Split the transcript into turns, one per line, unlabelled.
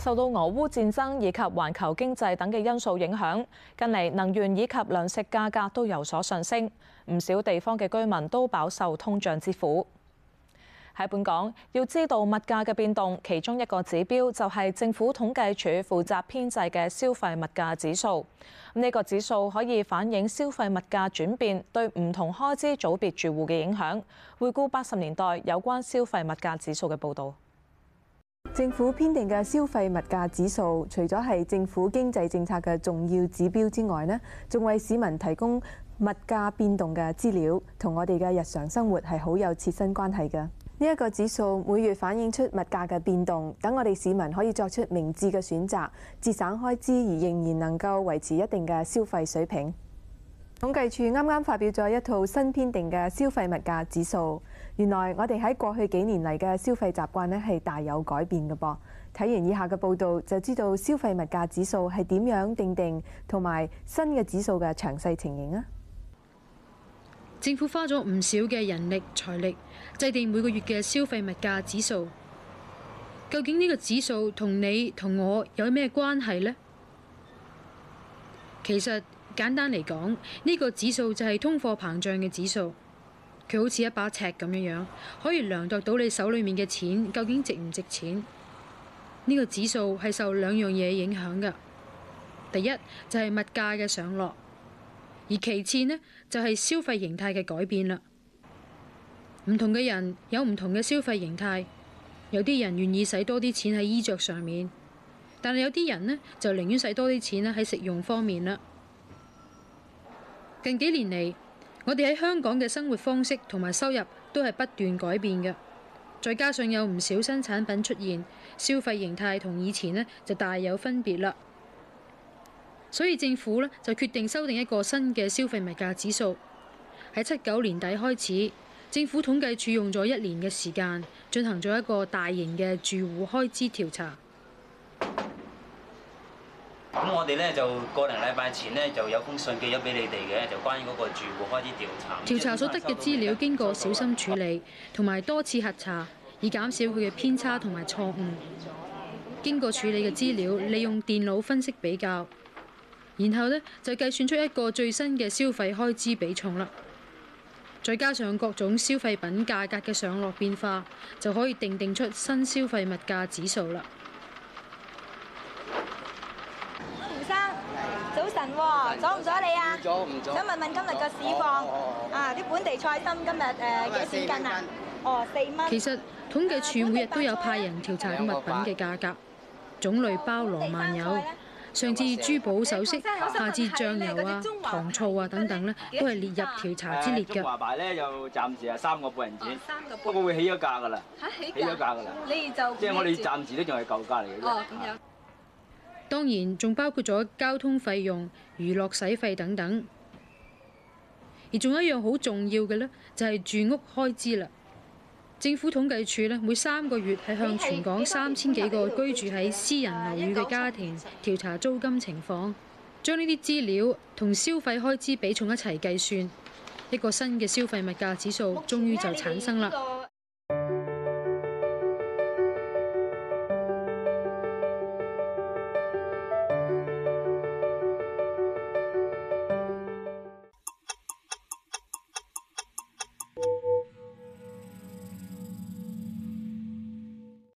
受到俄烏戰爭以及環球經濟等嘅因素影響，近嚟能源以及糧食價格都有所上升，唔少地方嘅居民都飽受通脹之苦。喺本港，要知道物價嘅變動，其中一個指標就係政府統計處負責編製嘅消費物價指數。呢個指數可以反映消費物價轉變對唔同開支組別住戶嘅影響。回顧八十年代有關消費物價指數嘅報導。
政府編定嘅消費物價指數，除咗係政府經濟政策嘅重要指標之外，呢仲為市民提供物價變動嘅資料，同我哋嘅日常生活係好有切身關係嘅。呢、這、一個指數每月反映出物價嘅變動，等我哋市民可以作出明智嘅選擇，節省開支而仍然能夠維持一定嘅消費水平。統計處啱啱發表咗一套新編定嘅消費物價指數，原來我哋喺過去幾年嚟嘅消費習慣呢係大有改變嘅噃。睇完以下嘅報道，就知道消費物價指數係點樣定定，同埋新嘅指數嘅詳細情形
啊！政府花咗唔少嘅人力財力，制定每個月嘅消費物價指數。究竟呢個指數同你同我有咩關係呢？其實。簡單嚟講，呢個指數就係通貨膨脹嘅指數。佢好似一把尺咁樣樣，可以量度到你手裡面嘅錢究竟值唔值錢。呢個指數係受兩樣嘢影響嘅，第一就係物價嘅上落，而其次呢，就係消費形態嘅改變啦。唔同嘅人有唔同嘅消費形態，有啲人願意使多啲錢喺衣着上面，但係有啲人呢，就寧願使多啲錢呢喺食用方面啦。近幾年嚟，我哋喺香港嘅生活方式同埋收入都係不斷改變嘅。再加上有唔少新產品出現，消費形態同以前呢就大有分別啦。所以政府呢就決定修訂一個新嘅消費物價指數。喺七九年底開始，政府統計處用咗一年嘅時間進行咗一個大型嘅住戶開支調查。咁我哋咧就個零禮拜前呢，就有封信寄咗俾你哋嘅，就關於嗰個住戶開始調查。調查所得嘅資料經過小心處理，同埋多次核查，以減少佢嘅偏差同埋錯誤。經過處理嘅資料，利用電腦分析比較，然後呢，就計算出一個最新嘅消費開支比重啦。再加上各種消費品價格嘅上落變化，就可以訂定出新消費物價指數啦。早晨喎，阻唔阻你啊？阻唔阻？想問問今日個市況
啊？啲本地菜心今日誒幾錢斤啊？哦，四
蚊。其實統計處每日都有派人調查物品嘅價格，種類包羅萬有，上至珠寶首飾，下至醬油啊、糖醋啊等等咧，都係列入調查之列嘅。華牌咧，又暫時係三個半銀錢，不過會起咗價㗎喇，起咗價㗎喇。呢就即係我哋暫時都仲係舊價嚟嘅。哦，咁樣。當然，仲包括咗交通費用、娛樂使費等等，而仲有一樣好重要嘅咧，就係住屋開支啦。政府統計處呢，每三個月係向全港三千幾個居住喺私人樓宇嘅家庭調查租金情況，將呢啲資料同消費開支比重一齊計算，一個新嘅消費物價指數終於就產生啦。